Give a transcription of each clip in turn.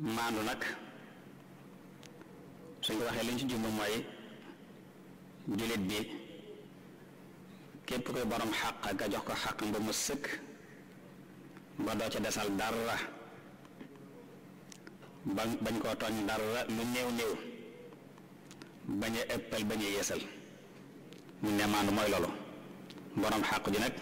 maandu nag suñ ko waxee li ñu ci jublu mooy jullit bi képp koy boroom xàq nga jox ko xàq ba mu sëkk ba doo ca desal dara ba bañ koo tooñ dara lu néew néew ba a ëppal bañ a yeesal mu ne maandu mooy loolu boroom xàq ji nag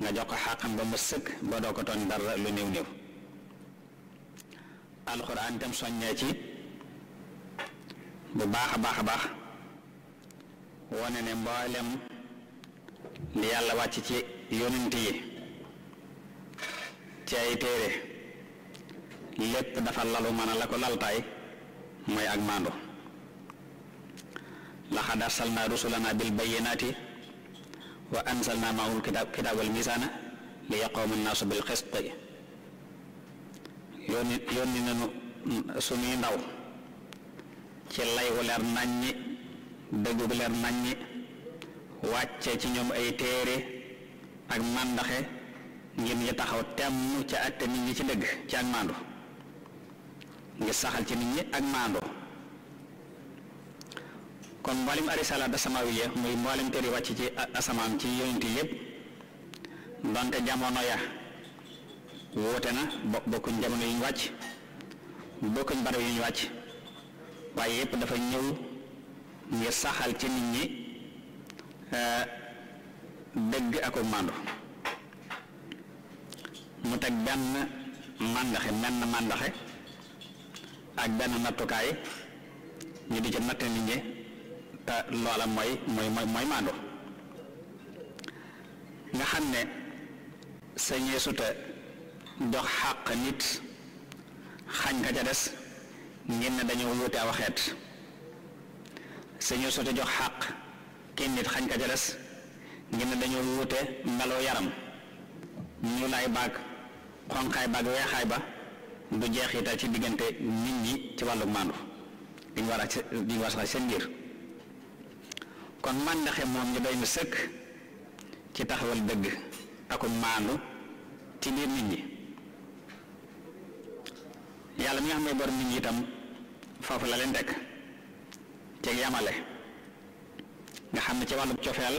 nga jox ko xàqam ba mu sëkk ba doo ko tooñ dara lu néew néew alquran tam soññee ci bu baax baax baax wone ne mboolem li yàlla wàcc ci yonent yi ci ay téere lépp dafa lalu mana a la ko laltaay mooy ak mando laxad arsalna rusulana bil bayinati wa anzalna maahul kitab kitab mizana misana li annaasu bil yónni yónni nanu suñuy ndaw ci lay wu leer naññi dëgg gu leer naññi wàcce ci ñoom ay téere ak màndaxe ngir ñu taxaw temm ci atte nit ñi ci dëgg ci ak maandu ngir saxal ci nit ñi ak maandu kon mboolem arisala da samawiya muy mboolem téere wàcc ci asamaan ci yonent yépp donte jamono ya woote na bokkuñ jamono yu ñu wàcc bokkuñ barab yu ñu wàcc waaye yépp dafa ñëw ngir saxal ci nit ñi euh, dëgg ak màndu mu teg benn màndaxe menn màndaxe ak benn nattukaay ñu di ci natt nit ñi te loola mooy mooy mooy màndu nga xam ne sëñee suta jox xaq nit xañ ka ca des ngeen ne dañoo wuute aw xeet sañoo sote jox xaq kenn nit xañ ka ca des ngeen ne dañoo wuute melo yaram ñu lay baag xonqaay baag weexaay ba du jeexital ci diggante nit ñi ci wàllu maandu diñ war diñ war a seen biir kon màndaxe moom ñu doy na sëkk ci taxawal dëgg akum ci biir nit ñi yalla mi nga xam ne nit ñi tam fofu la leen teg ci yamale nga xamné ci walu ciofel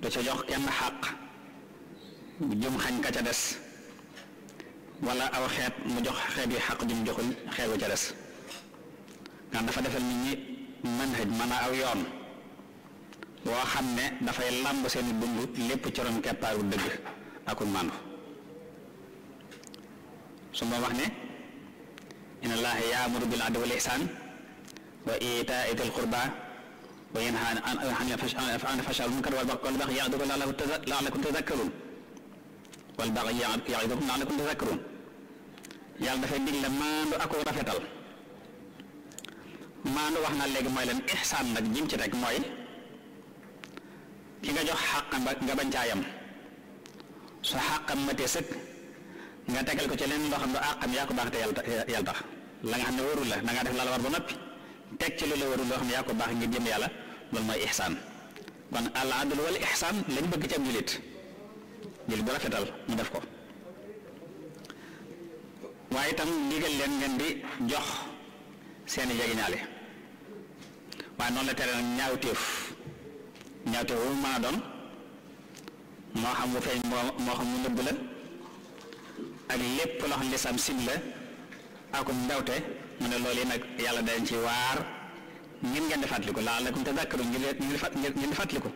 du ci jox kenn bu jëm xañ ka ca dess wala aw xet mu jox xet yi haq jëm joxul xeet ca dess nga dafa defal nit ñi manhaj mana aw yoon wo xamné da dafay lamb seen dund lepp ci ron kepparu deug akul manu su wax ne إن الله يأمر بالعدل والإحسان وإيتاء ذي القربى وينهى عن أن فشل المنكر والبغي يعظكم لعلكم تذكرون والبغي يعظكم لعلكم تذكرون يالله في الدين لما أكو رفتل ما نو واخنا ليك موي لن احسان نك جيمتي رك موي كيغا جو حق نغا بانتايام سو حق متي nga tegal ko ci len loo xam do àqam ah yaa ko bax te yalla tax la nga xamne warul la da nga def la la war bu nopi tek ci lolu warul loo xam ne yaa ko baax ngir jëm yàlla loolu mooy ihsaan kon al adl wal ihsan lañ bëgg ci am julit jël bu rafetal mu def ko waye tam digal len ngeen di jox seen jegeñaale waaye non la tere ñaawteef ñaawteef wu ma don mo xam bu fay mo xam mu neub la ak lépp loo xam lislaam sib la ak ndawte mu ne loolu yi nag yàlla dañ ci waar ngir ngeen di fàttaliku la'allakum tadhakkarun ngir ngeen di fàttaliku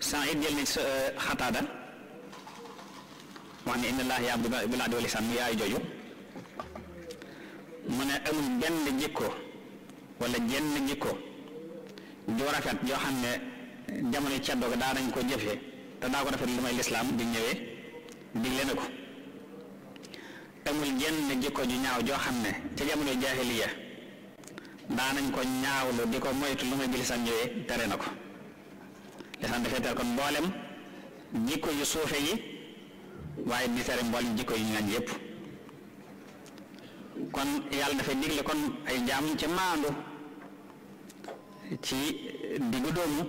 sans it jël ni euh, xataada wax ne inna allaha ya'muru bil 'adli wal ihsan mu yaayu jooju mu ne amul benn jikko wala jenn jikko ju rafet joo xam ne jamono ceddoo ko daa nañ ko jëfee te daa ko rafet lu may lislaam di ñëwee digle na ko amul jenn jikko ju ñaaw joo xam ne ca jamono jaahiliya daanañ ko ñaawlu di ko moytu lu muy bi na ko lisan dafay tere kon mboolem jikko yu suufe yi waaye di tere mboolem jikko yu ñaan yépp kon yàlla dafay digle kon ay jaam ci maandu ci diggu doomu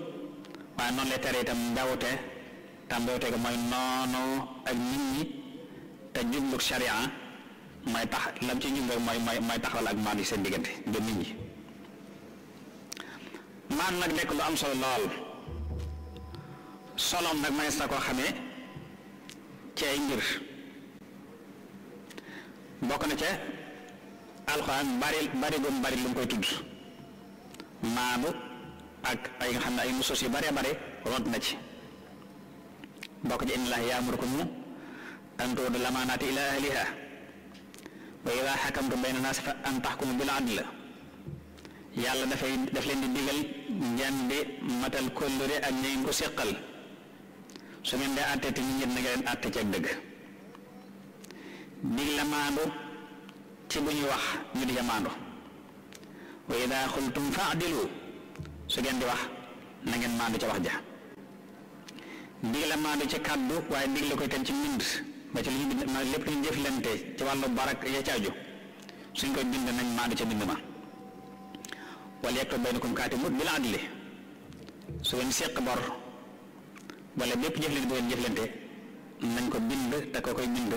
waaye noonu lay tere itam njawte tàmbooteeg moy nono ak eh, nit ñi te jublu sharia may tax lam ci jublu moy may may taxal ak maan yi seen kan, diggante ba nit ñi man nak nek lu am solo lol solom nak may sa ko xamé ci ay ngir bokk na ci alquran bari bari gum bari lu koy tudd maanu ak ay nga xamné ay musso ci bari bari rot na ci bok jin inna ya amurukum an de al-amanati ila ahliha wa idha hakamtum bayna an-nas fa an tahkum bil 'adl da fay daf len di digal ngeen matal kóllëre ak ñi ko sekkal su ngeen nga ci ak dig la mando ci bu wax ñu di ca wa ila qultum fa'dilu su ngeen di wax na ngeen mando ci wax ja dig la maandu ci kàddu waaye dig la koy itam ci mbind ba ci li ñu bind lépp lu ñu jëflante ci wàllu barak ya ca aju suñ koy bind nañ maandu ca bind ma wala yaktub baynakum kaatibun bil adli su ngeen seq bor wala bépp jëflante nañ ko bind te ko koy bind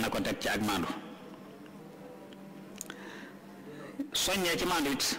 na ko teg ci ak maandu soññee ci maandu it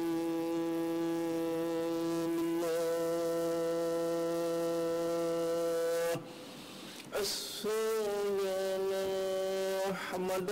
رسول محمد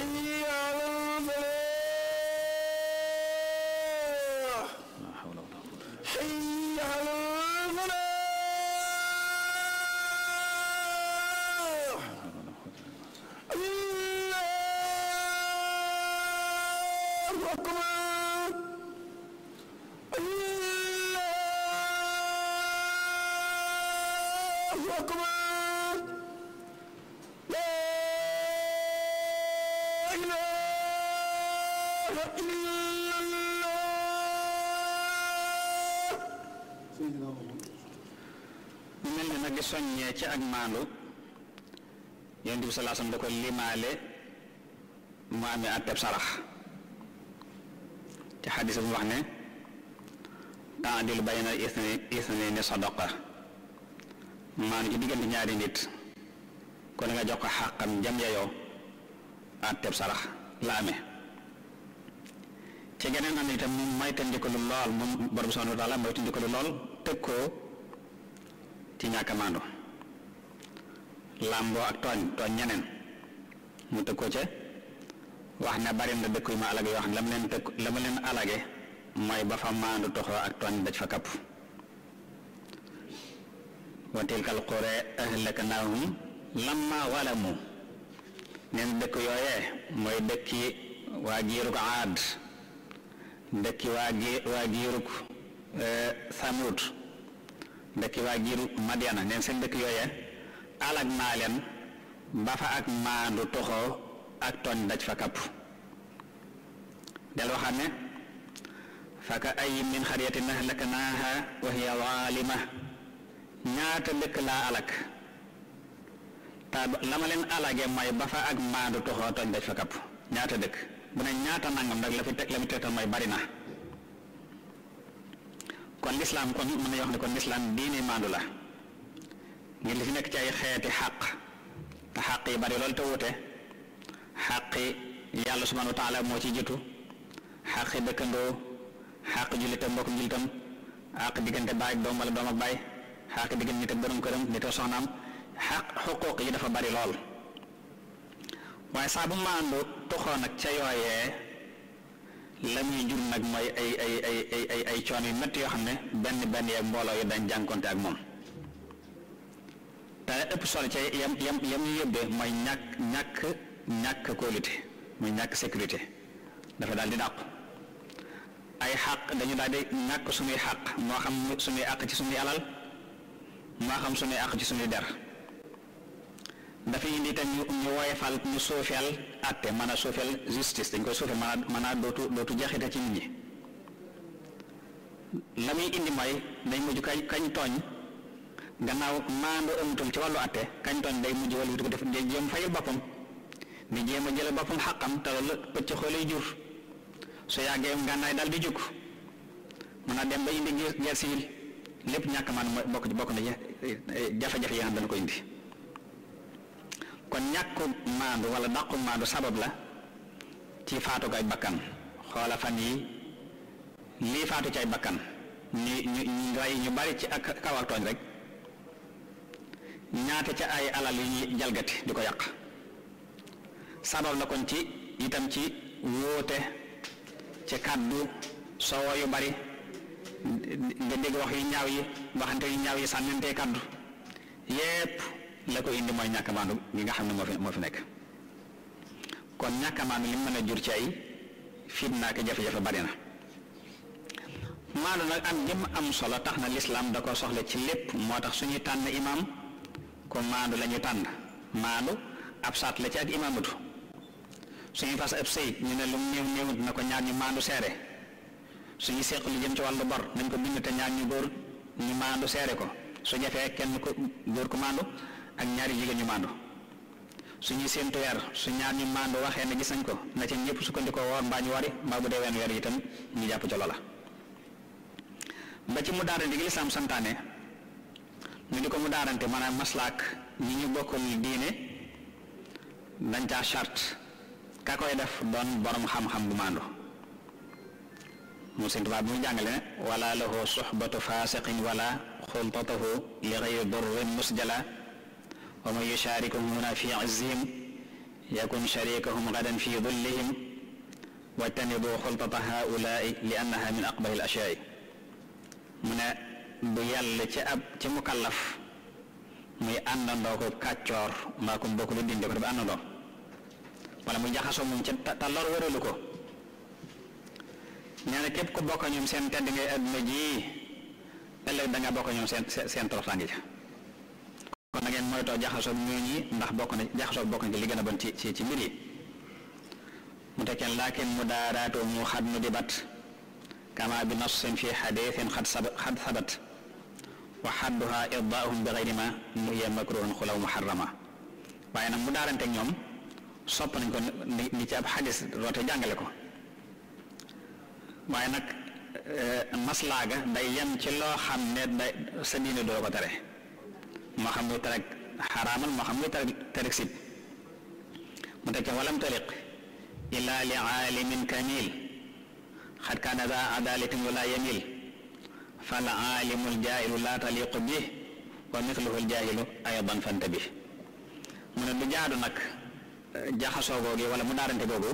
Yeah. mu mel ni nag di soññee ci ak maandu yonent bi salaa sam da ko limaale mu amee àtteb sarax ci xadis bu wax ne taadilu bayna isnayni sadaqa maanu ci diggante ñaari nit kon nga jox ko xàqam jam yayoo àtteb sarax la amee ci geneen am itam moom moytandiku lu lool moom borom subhaanahu wa taala moytandiku lu lool tëg koo ci ñàkk a làmboo ak tooñ tooñ ñeneen mu tëg ko ca wax ne bari dëkk yu ma alage yoo xam ne la mu leen tëg la mu leen alage mooy ba fa maandu toxoo ak tooñ daj fa kapp wa tilkal qura ahlaknahum lamma walamu neen dëkk yooyee mooy dëkki waa giirug aad dëkki waa giirug Euh, Samrud dëkk waa giir Madiana neen seen dëkk yooye alak naa leen ba fa ak maandu toxoo ak tooñ daj fa kapp del waxam ne fa ka ay min xariyatin ahlaknaaha wa hiya zaalima ñaata dëkk laa alak te la leen alage mooy ba fa ak maandu toxoo tooñ daj fa kapp ñaata dëkk bu ne ñaata nangam rek la fi teg la mu tegtal mooy bari na kon l'islam kon mën nañu wax ne kon l'islam diine mandu la ngir li fi nekk ci ay xeeti xàq te xàq yi bari lool te wuute xàqi yàlla subhanahu wa taala moo ci jitu xàqi dëkkandoo xàq julita mbokkum jullitam xàq diggante baay doom wala doom ak baay xàq diggante nit ak borom këram nit ak soxnaam xàq xuquuq yi dafa bari lool waaye saa bu maandu toxoo nag ca yooyee la muy jur nag mooy ay ay ay ay ay ay coono yu métti yoo xam ne benn benn yeeg mbooloo yi dañ jànkonte ak moom te ëpp solo ci yam yam yam ñu yóbbee mooy ñàkk ñàkk ñàkk kóolute mooy ñàkk sécurité dafa daal di dàqu ay xàq dañu daal di ñàkk sumuy xàq moo xam suñuy àq ci suñuy alal moo xam suñuy àq ci suñuy der dafa indi tam ñu ñu woyefal ñu suufeel atte mën a suufeel justice dañ koy suufeel mën a mën a dootu dootu jaxite ci nit ñi la muy indi mooy day mujj kañ kañ tooñ gannaaw maandoo ëmmatul ci wàllu atte kañ tooñ day mujj wala du ko def day jéem fayal boppam di jéem a jële boppam xaqam te loolu pëcc xoolay jur su yàggee ngànnaay daal di jukk mën a dem ba indi guerre civile lépp ñàkk man bokk bokk na eh, jafe-jafe yi nga xam dana ko indi kon ñàkku maandu wala dàqu maandu sabab la ci faatu ay bakkan xoola fan yi lii faatu ci ay bakkan ñu ñu ñu ñu bari ci ak kaw rek ñaata ca ay alal yu jalgati di ko yàq sabab la kon ci itam ci wóote ci kàddu soowo yu bari nga dégg wax yu ñaaw yi waxante yu ñaaw yi sànnante kàddu yépp la ko indi mooy ñàkk maandu ñi nga xamne mo fi moo fi kon ñaka maam li mëna jur ci ay fitna ak jafé jafé bari na maana nak am jëm am solo tax na lislaam da ko soxla ci lepp motax suñu tan imam ko maandu lañu tan maandu ab saat la ci ak imamatu suñu fas ab sey ñu ne lu neew neew na ko ñaar ñu maandu séré suñu seq lu jëm ci walu bor nañ ko bind te ñaar ñu góor ñu maandu séré ko su jafé kenn ko góor ko maandu ak ñaari jigeen ñu maandu suñu séentu weer su ñaar ñu mando waxe na gis nañ ko na ñepp su ko ndiko mbaa mbañu wari ba bu dee ween itam ñu japp ci lola ba ci mu daara gi santane ñu di mu daarante maanaam maslak ñi ñu bokkum diine nañ caa charte ka koy def don borom xam-xam bu mando mu sentu ba bu jangale ne wala lahu suhbatu fasiqin wala khuntatuhu li xëy darrin musjala ومن يشاركهم هنا في عزهم يكن شريكهم غدا في ظلهم واجتنبوا خلطة هؤلاء لأنها mu ne bu yàlla ci ab ci mukallaf muy àndandoo ko kàccoor mbaa ko bokk lu dindi ko dafa àndandoo wala mu jaxasoo moom ci ta lor waralu ko nee na képp ku bokk ñoom seen tedd ngay àdduna ji ëllëg da nga bokk ñoom seen seen toroxtaange ja na ngeen moytoo jaxasoog ñooñi ndax bokk na jaxasoog bokk na ci li gën bon ci ci mbir yi mu tekkeen laakin mu daaraatu mu xad mu dibat kama bi nasin fi xadiisin xad sabat wa xadduha irdaahum bi gayri mu hiya makruhun xulaw muharrama waaye nag mu daaranteeg ñoom sopp nañ ko ni ci ab xadis roote jàngale ko waaye nag eh, maslaaga day yem ci loo xam ne day doo ko tere moo xam muy tarak xaraaman moo xam muy tarak tarak sib mu teg ca walam taliq illaa li aalimin kamil xat kaana daa adalatin wala yamil fal aalimu ljaahilu laa taliqu bi wa mithluhu ljaahilu aydan fanta bi mu ne du jaadu nag eh, jaxasoo googu wala mu daarante googu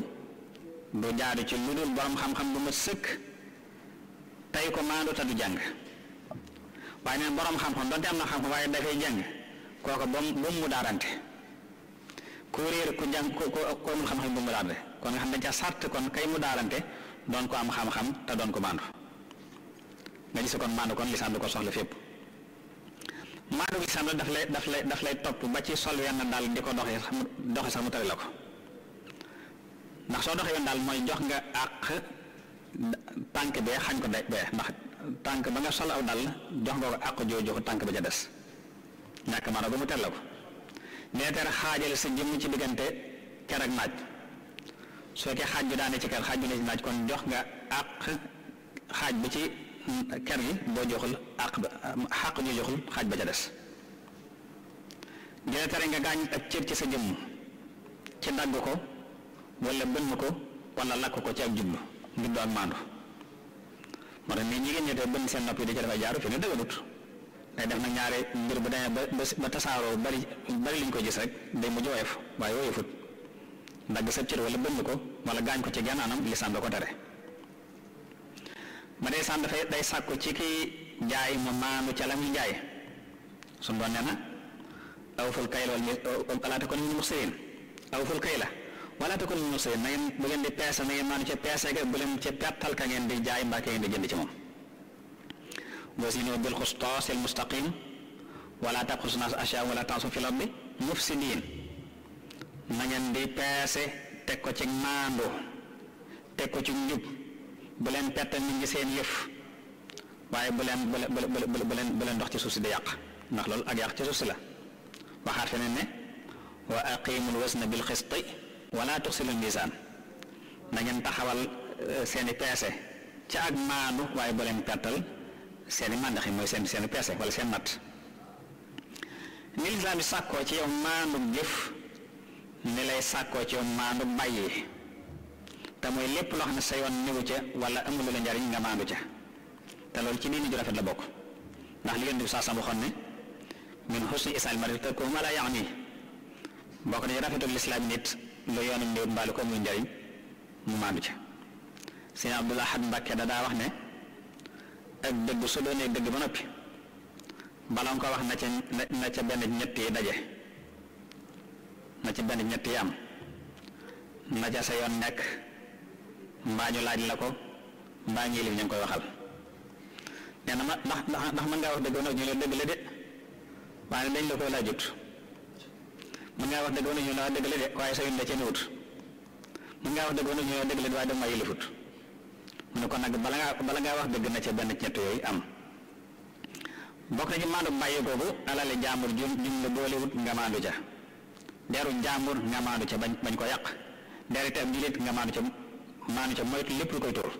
du jaadu ci lu dul borom xam-xam bu ma sëkk tey ko maandu ta du jàng waaye neen borom xam-xam donte am na xam-xam waaye dafay jàng kooku ba mu mu daarante ku réer ku jàng ku ku ku amul xam-xam ba mu daarante kon nga xam dañ ca sàrt kon kay mu daarante doon ko am xam-xam te doon ko maandu nga gis kon kon lislaam du ko soxla fépp maandu lislaam la daf lay daf lay daf lay topp ba ci sol wenn daal di ko doxee sax mu doxee sax la ko ndax soo doxee wenn daal mooy jox nga àq tànk bee xañ ko bee tànk ba nga sol aw dal jox nga ko àq jooju tànk ba ca des ñàkk maana ko mu la ko leetar xaajal sa jëmm ci diggante ker ak naaj soo ke xaaj bi daane ci ker xaaj bi ne ci naaj jox nga xaaj bi ci ker boo joxul àq ba xàq ñu joxul xaaj ba ca des dina tere nga gaañ ab cër ci sa jëmm ci dagg ko wala bënn ko wala lakk ko ci ak jublu ngir doon maandu moo tax mais jigéen ñi te bën seen nopp yi da ci dafa jaaru fi ne dëgganut day def nag ñaare mbir bu demee ba ba tasaaroo bari bari liñ ko gis rek day mujj fo waaye woyofut dagg sa cër wala bënn ko wala gaañ ko ci genn anam lislaam da ko tere ba dee saan dafay day sàkku ci ki jaay ma maandu ca la muy jaay suñ na awful kay la wala ko ni mu muxsirin awful kay la wala takun min musin na ngeen bu ngeen di peese na ngeen maanu ca peese ga bu leen ca pettal ka ngeen di jaay mbaa ka ngeen di jënd ci moom wasinu bil xustas al mustaqim wala tabxus nas asha wala tansu fil ardi mufsidin na ngeen di peese teg ko ci maandu teg ko ci njub bu leen pettal nit ñi seen yëf waaye bu leen bu leen bu leen bu leen dox ci suuf si di yàq ndax loolu ak yàq ci suuf si la waxaat feneen ne wa aqimul wasna bil xisti wala tuxsilu misan na ngeen taxawal eh, seeni peese ci ak maanu waaye katal leen pertal seeni màndaxi moy seen seeni peese wala seen mat ni lislaam sakko ci yow manu def ni lay sakko ci yow manu baye ta moy lepp lo xamne sayon niwu ci wala amul lu la njariñ nga manu ci ta lol ci diine ju rafet la bok ndax li ngeen di sa sam waxoon min husni isal marita ko mala ya'ni yaani bokk nañu rafetul islam nit ba di de baalu ko muy njariñ mu maandu ca sëñ abdul ahad mbàkke da daa wax ne ak dëgg su doonee dëgg ba noppi bala ko wax na ca na ca benn ñett yi daje na ca benn ñett yi am na ca sa yoon nekk mbaa ñu laaj la ko mbaa ñi koy waxal nee na ma ndax ndax mën ngaa wax dëgg ba ñu la dëgg la de waaye dañ la koy laajut mën ngaa wax dëgg wala ñu ne waa dëgg la de waaye sa yoon da cee newut mën ngaa wax dëgg wala ñu ne waa dëgg la de waaye dama yëlifut mu ne kon nag bala ngaa bala ngaa wax dëgg na ca benn ñett yooyu am bokk na ci maandu bàyyi kooku alali jàmbur jum jum la boolewut nga maandu ca deru jàmbur nga maandu ca bañ bañ ko yàq deri tam julit nga maandu ca maandu ca moytu lépp lu koy tuur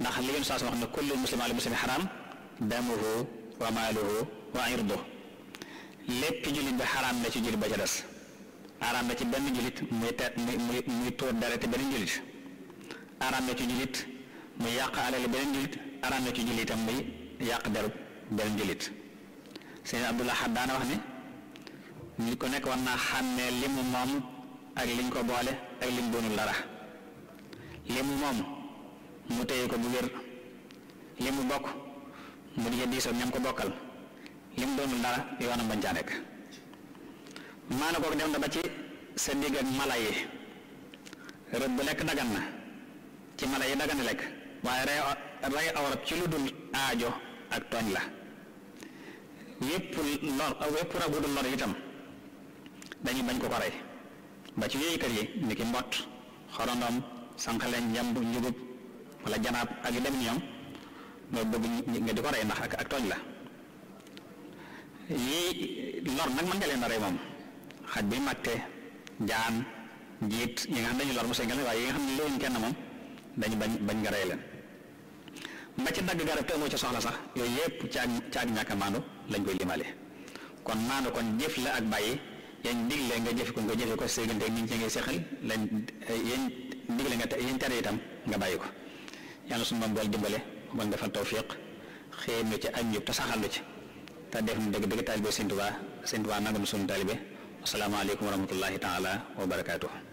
ndax li ngeen saa wax ne kullu muslimin ala muslimi haram damuhu wa maaluhu wa irduhu lepp julit bi haram la ci julit ba ca dess haram la ci ben julit muy te muy muy aram dara te ben julit haram la ci julit muy ala le ben julit haram la ci am muy yaq ben julit Abdullah haddan wax ni ni ko nek war naa limu mom mu ak liñ ko bolé ak liñ doonul dara limu mom mu tey ko bu wér mu mu di diisoo ñam ko bokal li mu doonul dara yoonam bañ caa nekk maana kooku dem na ba ci sa digg ak mala yi rëbb bu lekk dagan na ci mala yi dagan lekk waaye rey rey awrab ci lu dul aajo ak tooñ la yépp lor yépp rab bu dul lor itam dañuy bañ ko ko rey ba ci yooyu kër yi ni mbott xorondom sànqaleñ njamb njugub wala janaab ak yu dem ñoom nga bëgg nga di ko rey ndax ak ak tooñ la yi lor nag mën nga leen a rey moom xaj bi màtte jaan jiit yi nga xam dañu lor mu sëngal waaye yi nga xam ne loolu kenn moom dañu bañ bañ nga rey leen ba ci dagg garab te amoo ci soxla sax yooyu yépp caag caag ñàkk maandu lañ koy limale kon Manu kon jëf la ak bàyyi yañ digle nga jëfe ko nga jëfe ko séegante ngi ci ngay seexal lañ yañ digle nga yañ tere itam nga bàyyi ko yàlla sunu moom bool dimbale bon defal tawfiq xéem ci ak njub te saxal ci te def na dëgg dëgg taalibe Sëñ Tuubaa Sëñ Tuubaa nangam suñu taalibe asalaamaaleykum wa rahmatullahi taala wa barakaatuh